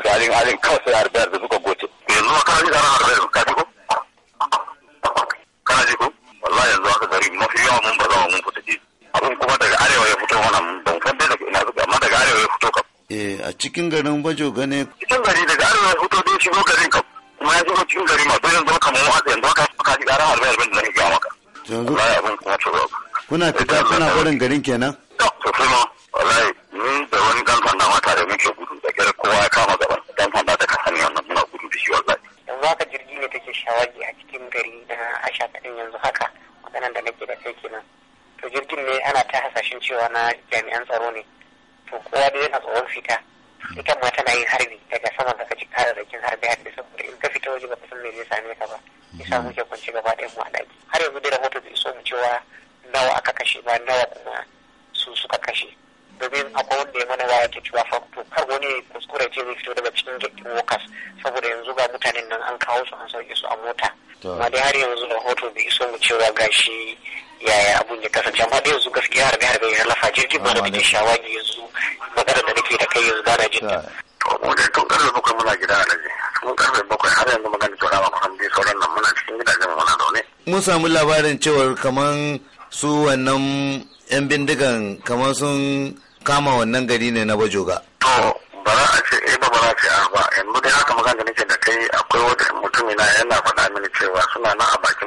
kawai sai alin kawai sai da suka goce yanzu ji zaran ka ji ko ko wallahi yanzu aka gari mafi mun ba mun fita ji abin kuma daga arewa ya fito wannan ban san ina amma daga arewa ya fito eh, a cikin garin bajo gane cikin gari daga arewa ya fito dai shigo garin kam kuma ya shigo cikin gari ma sai yanzu kamar wa'azi yanzu ka ji zaran arba'ar da nake ga maka kuna fita kuna barin garin kenan to jirgin ne ana ta hasashen cewa na jami'an tsaro ne to kowa da yana tsoron fita ita ma tana yin harbi daga sama daga ci kararrakin harbi harbi saboda in ka fita waje ba san me zai same ka ba yasa muke kwance gaba ɗaya mu a ɗaki har yanzu dai rahoto bai so mu cewa nawa aka kashe ba nawa kuma su suka kashe domin akwai wanda ya mana waya ta cewa fa to kar wani kuskure ce zai fito daga cikin gate wokas saboda yanzu ga mutanen nan an kawo su an sauke su a mota amma dai har yanzu rahoto bai so mu cewa gashi yaya abun ya kasance amma da yanzu gaskiya harbe harbe ya lafa jirgin ba da take shawagi yanzu magana da nake da kai yanzu bana jin ta mu da tun karfe bakwai muna gida a daji tun karfe bakwai har yanzu magana jora ba kusan dai sauran nan muna cikin gidajen muna zaune mun samu labarin cewar kaman su wannan yan bindigan kaman sun kama wannan gari ne na bajoga to ba za a ce eh ba ba za a ce a ba yanzu dai haka magana da nake da kai akwai wata mutum na yana faɗa mini cewa suna nan a baki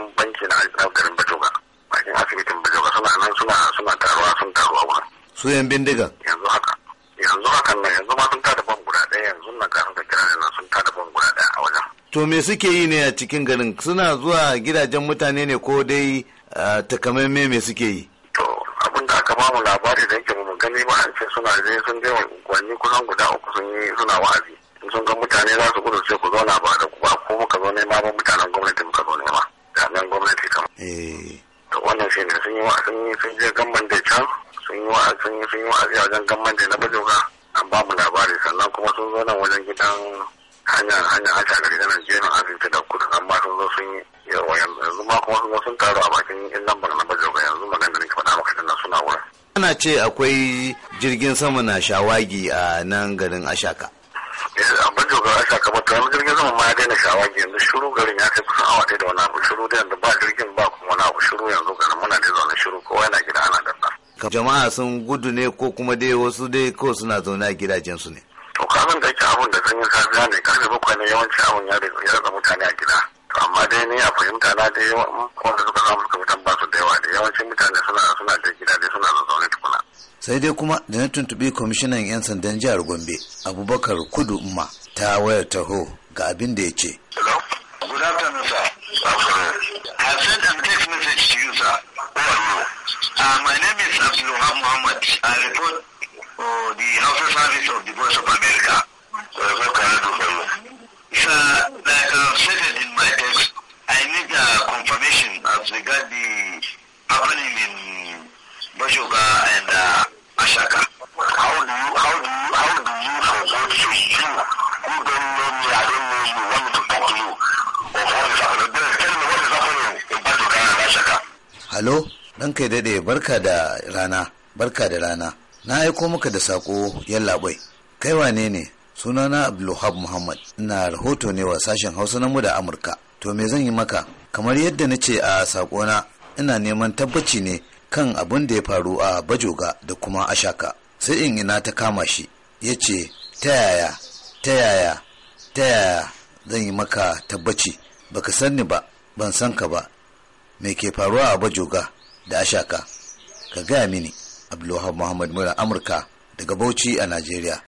su yan bindigan yanzu haka yanzu haka nan yanzu ma sun tada bom guda ɗaya yanzu na ga da kira ne sun tada bom guda ɗaya a wajen to me suke yi ne a cikin garin suna zuwa gidajen mutane ne ko dai takamaimai me suke yi to abin da aka ba mu labari da yake mu gani ba an ce suna je sun je wani kusan guda uku sun yi suna wa'azi sun ga mutane za su gudu sai ku zauna ba da ku ba ko muka zo nema ba mutanen gwamnati muka zo nema nan gwamnati Eh. to wannan shi ne sun yi wa sun yi sun je gamban da can sun yi wa'azi a wajen gamman na bajoga an ba mu labari sannan kuma sun zo nan wajen gidan hanyar hanyar hanyar da gidan na asibiti da kudu an ba sun zo sun yi yawa yanzu ma kuma sun zo sun taru a bakin in lambar na bajoga yanzu magana da nake faɗa maka nan suna wurin. ana ce akwai jirgin sama na shawagi a nan garin ashaka. Eh, a bajoga ashaka ba wani jirgin sama ma ya daina shawagi yanzu shiru garin ya kai kusan awa ɗaya da wani abu shiru da yanzu ba jirgin ba kuma wani abu shiru yanzu garin muna da zaune ka jama'a sun gudu ne ko kuma dai wasu dai ko suna zaune a gidajensu ne. to kamin da ke abun da sun yi safiya ne karfe bakwai ne yawanci abun ya rasa mutane a gida to amma dai ni a fahimta na dai wanda suka samu suka fitan ba su da yawa da yawancin mutane suna suna da gida dai suna zaune tukuna. sai dai kuma da na tuntuɓi kwamishinan 'yan sandan jihar gombe abubakar kudu umma ta waya taho ga abin da ya ce. Hello. Good afternoon, sir. Afternoon. I sent a text message to you, sir. Uh, my name is Abdul Wahab Muhammad. I report for the House Service of the Voice of America. It's uh, like I've stated in my text, I need a uh, confirmation as regards the happening in Bashoga and uh, Ashaka. How do you, how do you, how do you forget to you who don't know me, I don't know you, want me to talk to you of what is happening? Tell me what is happening in Bashoga and Ashaka. Hello? dan kai daɗe barka da rana barka da rana na aiko maka da sako yallaɓai kai wane ne sunana abdulhab muhammad ina rahoto ne wa sashen hausa na mu da amurka to me zan yi maka kamar yadda na ce a na, ina neman tabbaci ne kan abin da ya faru a bajoga da kuma ashaka sai in ina ta kama shi ya ce ta yaya ta yaya ta yaya zan yi maka tabbaci baka san ni ba ban san ka ba me ke faruwa a bajoga da ashaka ka gaya mini Abdullahi muhammad mura amurka daga bauchi a najeriya